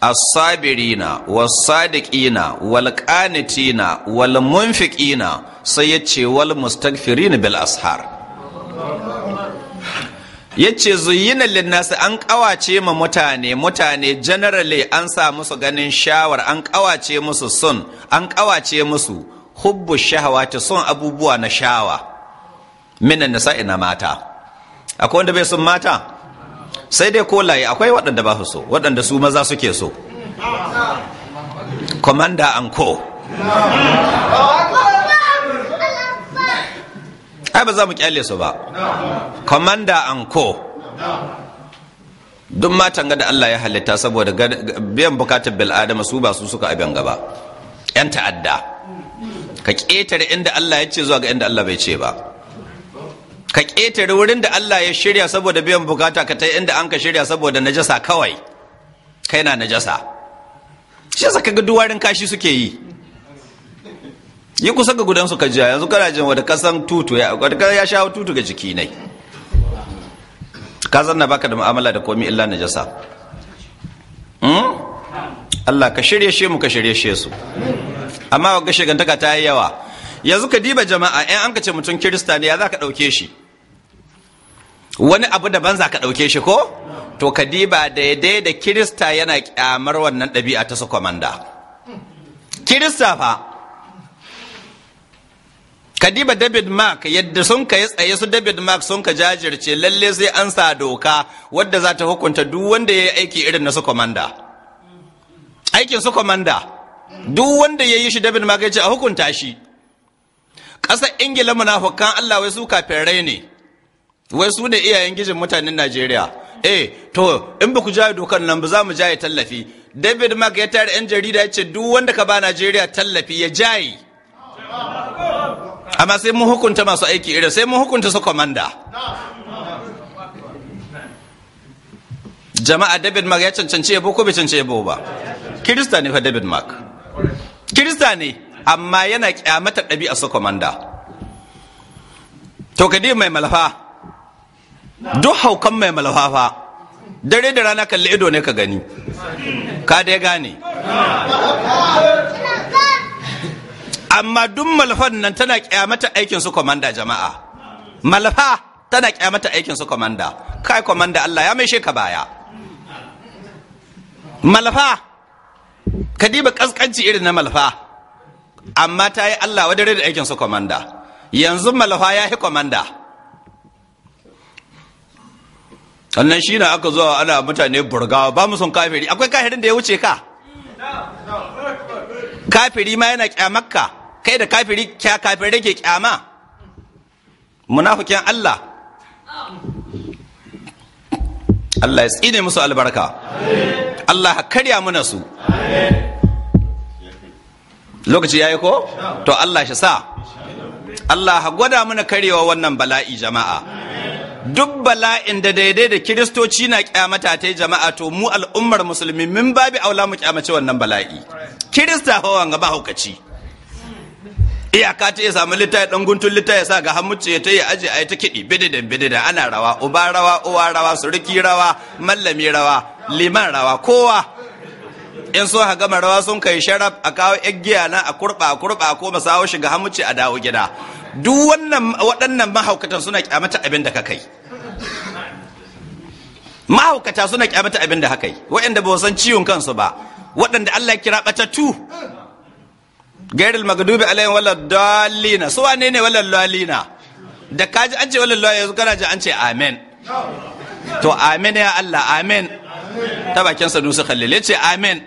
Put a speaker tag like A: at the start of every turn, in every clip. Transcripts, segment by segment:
A: as-sabirina was-sadiqina wal-qanitina wal-munfiqina sai yace wal-mustaghfirina bil ashar yace zuyina linnasi an kawace ma mutane mutane generally an sa musu ganin shawar an kawace musu sun an kawace musu hubbu shahawati sun, abubuwa na shawa minan nisa mata akwai wanda bai sun mata sai dai kolaye akwai waɗanda ba su so waɗanda su maza suke so commander and co ai ba za mu kyale su ba commander and co duk matan ga da Allah ya halitta saboda biyan bukatar bil'adama su ba su suka abin gaba yan ta'adda ka ƙetare inda Allah ya ce zuwa ga inda Allah bai ce ba ka ƙetare wurin da Allah ya shirya saboda biyan bukata ka ta inda an ka shirya saboda najasa kawai kai na najasa shi yasa kaga duwarin kashi suke yi yi kusa ga gudansu ka jiya yanzu kana jin wata kasan tutu ya wata ya sha tutu ga jiki ne ka zanna baka da mu'amala da komai illa najasa hmm? Allah ka shirye shi mu ka shirye shi su amma ga shigantaka ta yi yawa yanzu ka diba jama'a yan an ka ce mutum kirista ne ya za ka ɗauke shi wani abu daban za ka ɗauke shi ko to kadiba daidai da kirista yana kyamar wannan ɗabi'a ta su kwamanda kirista fa kadiba david mark yadda sun ka yi tsaye su david mark sun ka jajirce lalle sai an sa doka wadda za ta hukunta duk wanda ya yi aiki irin na su kwamanda aikin su kwamanda duk wanda ya yi shi david mark ya ce a hukunta shi ƙasar ingila munafukan allah wai su kafin rai ne wai su ne iyayen gijin mutanen najeriya eh to in ba ku jaye dokan nan ba za mu jaye tallafi david mark ya tare yan jarida ya ce duk wanda ka ba najeriya tallafi ya jaye amma sai mun hukunta masu aiki irin sai mun hukunta su komanda jama'a david mark ya cancanci yabo ko bai cancanci yabo ba kirista ne fa david mark kirista ne amma yana kyamata ɗabi'a su komanda to ka mai malafa duk haukan mai malafafa dare da rana kalli ido ne ka gani ka dai gane amma duk malafan nan tana kyamata aikin su komanda jama'a Malafa tana kyamata aikin su komanda kai komanda Allah ya mai sheka baya Malafa, ka diba kaskanci irin na malafa, amma ta yi Allah wadare da aikin su komanda yanzu malafa ya yi komanda sannan shi na aka zuwa ana mutane burga ba mu son kafiri akwai kafirin da ya wuce ka kafiri ma yana kyamakka kai da kafiri kya kafirai ke kyama munafukin Allah Allah ya tsine musu albarka Allah ya karya mana su lokaci ya yi ko to Allah shi sa Allah ya gwada mana karyewa wannan bala'i jama'a duk bala'in da daidai da kiristoci na kyamata ta jama'a to mu al'ummar musulmi min babi aula mu kyamace wannan bala'i kirista ga ba haukaci iyaka ta ya samu littaya dan guntun littaya sa ga hamuce ya ta yi aji a ta kiɗi bididan bididan ana rawa uba rawa uwa rawa suriki rawa mallami rawa liman rawa kowa in so ha gama rawa sun kai sharaf a kawo giya na a kurba a kurba ko masawo shiga hamuce a dawo gida duk wannan waɗannan mahaukatan suna kyamata abin da ka kai mahaukata suna kyamata abin da haka yi waɗanda ba san ciwon kansu ba waɗanda Allah ya kira ɓatattu gairil magadubi alayhi wala dalina su wane ne wala lalina da kaji an ce wala lalina yanzu kana ji an ce amen to amen ya Allah amen ta bakin sa dusu khalil ya ce amen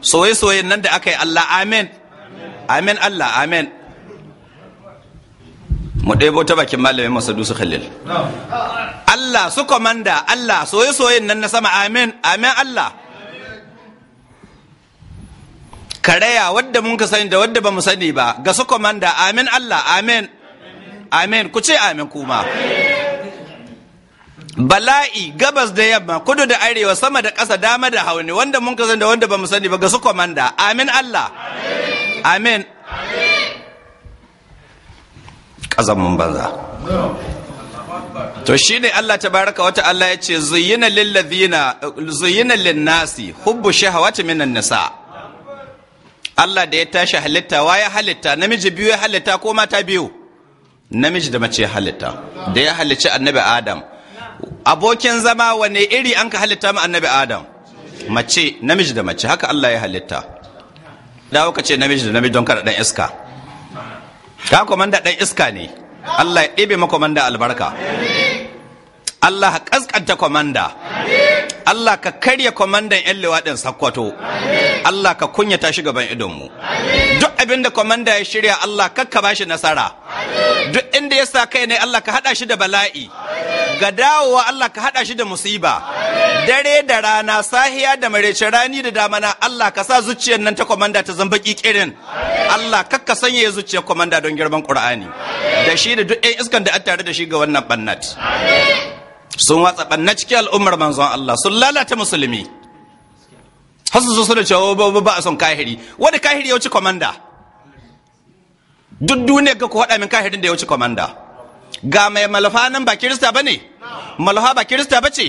A: soye soye nan da aka yi Allah amen amen Allah amen mu ɗebo ta bakin malamin masa su khalil Allah su komanda Allah soye soye nan na sama amin amin Allah karaya wadda mun ka sani da wadda ba mu sani ba ga su komanda amin Allah amin amin ku ce amin kuma bala'i gabas da yamma kudu da arewa sama da ƙasa dama da hauni wanda mun ka sani da wanda ba mu sani ba ga su komanda amin Allah amin. ƙazamin banza to shine Allah tabaraka wa ta'ala ya ce zuyyina lillazina zuyyina linnasi hubbu shahawati minan nisa Allah da ya tashi halitta wa ya halitta namiji biyu ya halitta ko mata biyu namiji da mace ya halitta da ya halicci annabi Adam abokin zama wane iri an ka halitta mu annabi Adam mace namiji da mace haka Allah ya halitta dawo ka ce namiji da namiji don kada dan iska ka komanda ɗan iska ne Allah ya ɗebe ma albarka Allah ka kaskanta komanda Allah ka karya komandan 'yan liwaɗin sakkwato Allah ka kunyata shi gaban idonmu duk abin da komanda ya shirya Allah kakka ba shi nasara duk inda ya sa kai ne Allah ka haɗa shi da bala'i ga dawowa Allah ka haɗa shi da musiba dare da rana sahiya da marece rani da damana Allah ka sa zuciyar nan ta kwamanda ta zamba kirin Allah kakka sanya ya zuciyar kwamanda don girman ƙura'ani da shi da duk ɗan iskan da an tare da shi ga wannan bannat sun watsa ɓannat cikin al'ummar manzon Allah sun lalata musulmi har su cewa ba ba ba a son kahiri wani kahiri ya wuce kwamanda duk duniya ga ku haɗa min kahirin da ya wuce kwamanda ga mai malafa nan ba kirista ba ne malafa ba kirista ba ce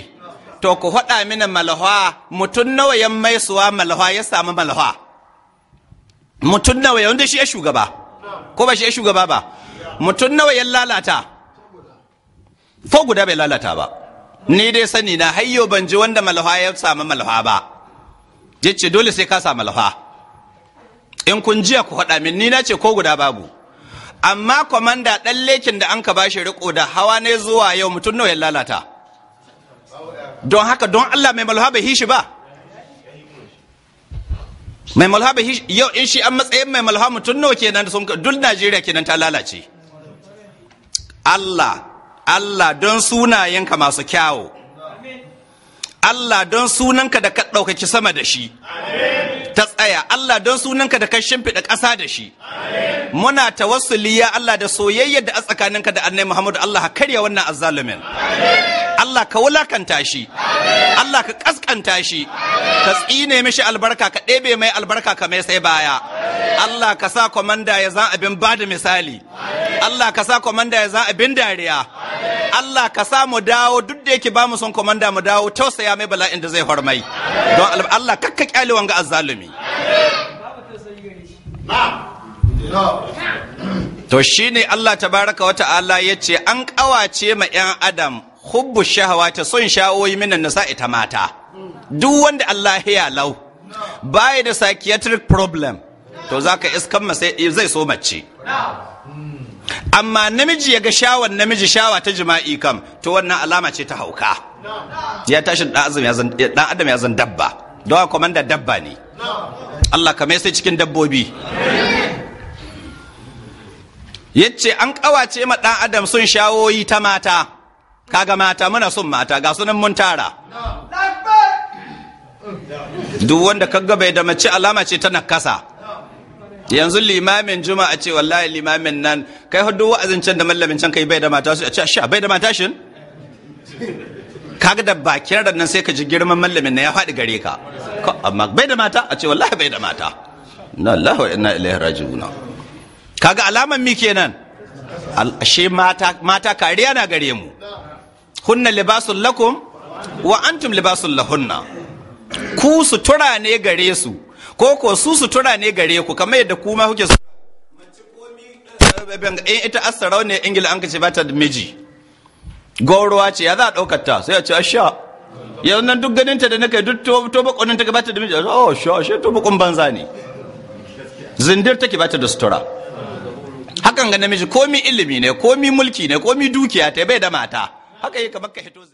A: to ku haɗa mini malafa mutum nawa ya maisuwa malafa ya samu malafa mutum nawa ya wanda shi ya shugaba ko ba shi ya shugaba ba mutum nawa ya lalata ko guda bai lalata ba ni dai sani na hayyo ban ji wanda malafa ya samu malafa ba yace dole sai ka samu malafa in kun jiya ku haɗa min ni na ce ko guda babu amma kwamanda ɗan lekin da an ka bashi riko da hawa ne zuwa yau mutum nawa ya lalata don haka don Allah mai malha bai hishi ba mai malha bai hishi yau in shi an matsayin mai malha mutum nawa kenan sun duk Najeriya kenan ta lalace Allah Allah don sunayenka masu kyawo Allah don sunanka da ka ɗaukaki sama da shi ta tsaya Allah don sunanka da ka shimfiɗa ƙasa da shi muna tawassuli ya Allah da soyayyar da a tsakaninka da annabi Muhammadu Allah ka karya wannan azzalumin Allah ka wulakanta shi Allah ka kaskanta shi ka tsine mishi albarka ka ɗebe mai albarka ka mai sai baya Allah ka sa komanda ya za abin ba misali Allah ka sa komanda ya za abin dariya Allah ka sa mu dawo duk da yake ba mu son komanda mu dawo tausaya mai bala'in da zai hormai don Allah kakka kyale wanga azzalumi na'am to shi ne Allah ta tabaraka wa ta'ala ce an ƙawace ma yan adam hubbu shahawa ta son shawoyi minan nasa ita mata duk wanda Allah ya lau baya da psychiatric problem to za ka iskan zai so mace amma namiji ya ga shawar namiji shawa ta jima'i kam to wannan alama ce ta hauka ya tashi dan adam ya zan dabba don a kwamanda dabba ne Allah ka mai sai cikin dabbobi yace an kawace ma ɗan adam sun shawoyi ta mata kaga mata muna son mata ga sunan mun tara duk wanda kaga bai da mace alama ce ta nakasa yanzu limamin juma'a ce wallahi limamin nan kai hudu wa'azin can da mallamin can kai bai da mata su a ce sha bai da mata shin kaga da bakin nan sai ka ji girman mallamin na ya faɗi gare ka amma bai da mata a ce wallahi bai da mata na allahu inna ilaihi raji'un kaga alaman mi kenan ashe mata mata kariya na gare mu hunna libasul lakum wa antum libasul lahunna ku sutura ne gare su ko ko su sutura ne gare ku kamar yadda kuma kuke in eh, ita asarau ne ingila an kace bata da miji gauruwa ce ya za a ɗaukar ta sai a ce asha yanzu nan duk ganin ta da nake duk to bakonin ta bata da miji oh sha she to bakon banza ne zindir take bata da sutura hakan ga namiji komi ilimi ne komi mulki ne komi dukiya ta bai da mata haka yi kamar ka hito